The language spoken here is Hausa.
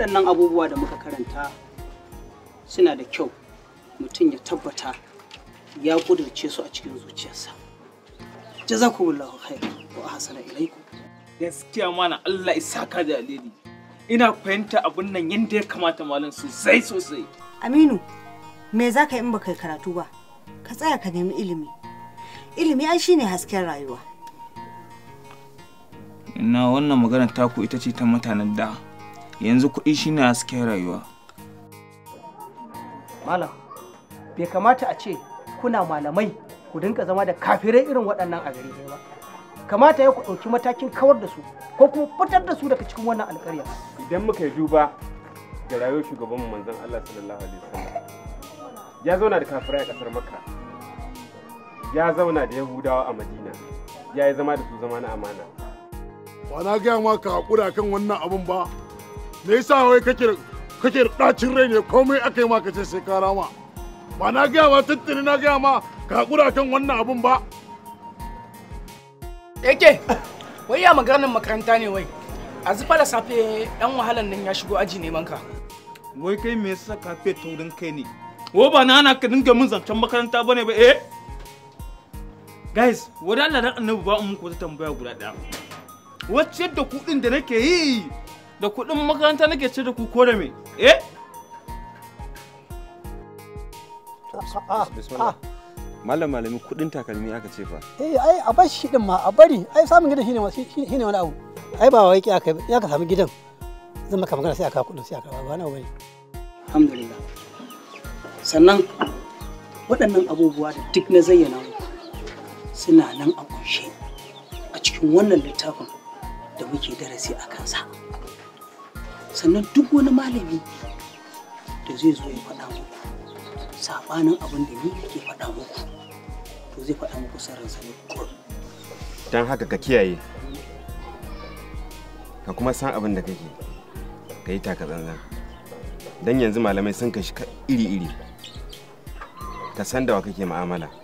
waɗannan abubuwa da muka karanta suna da kyau mutum ya tabbata ya ƙudurce su a cikin zuciyarsa jazakumullahu khairan wa ahsana ilaikum gaskiya mana Allah isa saka da alheri ina fahimta abun nan yadda ya kamata malam sosai sosai Aminu me za ka yi in kai karatu ba ka tsaya ka nemi ilimi ilimi ai shine hasken rayuwa ina wannan magana taku ita ce ta mutanen da yanzu kuɗi shi ne hasken rayuwa malam bai kamata a ce kuna malamai ku dinka zama da kafirai irin waɗannan a gari ba kamata ya ku ɗauki matakin kawar da su ko kuma fitar da su daga cikin wannan alƙarya idan muka yi duba da rayuwar shugabanmu manzon Allah sallallahu alaihi wasallam ya zauna da kafirai a ƙasar Makka ya zauna da Yahudawa a Madina ya yi zama da su zama na amana ba na gaya maka ka haƙura kan wannan abun ba me yasa wai kake kake dacin rai ne komai aka yi ma kace sai ka rama ba na gaya ma tuntuni na gaya ma ka kura kan wannan abun ba yake wai ya maganar makaranta ne wai a zufa da safe dan wahalan nan ya shigo aji neman ka wai kai me yasa ka fe taurin kai ne wo ba na ana ka dinga min zancen makaranta bane ba eh guys wadanda annabi ba mu ko ta tambaya guda daya wacce da kudin da nake yi da kuɗin makaranta nake ci da ku ko da me eh malam malami kuɗin takalmi aka ce fa eh ai a bar shi din ma a bari ai samun gidan shine shine wani abu ai ba wai aka ya ka samu gidan zan maka magana sai aka kuɗin sai aka ba abu bane alhamdulillah sannan waɗannan abubuwa da duk na zayyana suna nan a kunshe a cikin wannan littafin da muke darasi a kansa sannan duk wani malami da zai zo ya faɗa muku sabanin abin da ni ke faɗa muku to zai faɗa muku sarran sani don haka ka kiyaye ka kuma san abin da kake ka yi taka zanzan don yanzu malamai sun kashi iri-iri ka san da wa kake ma'amala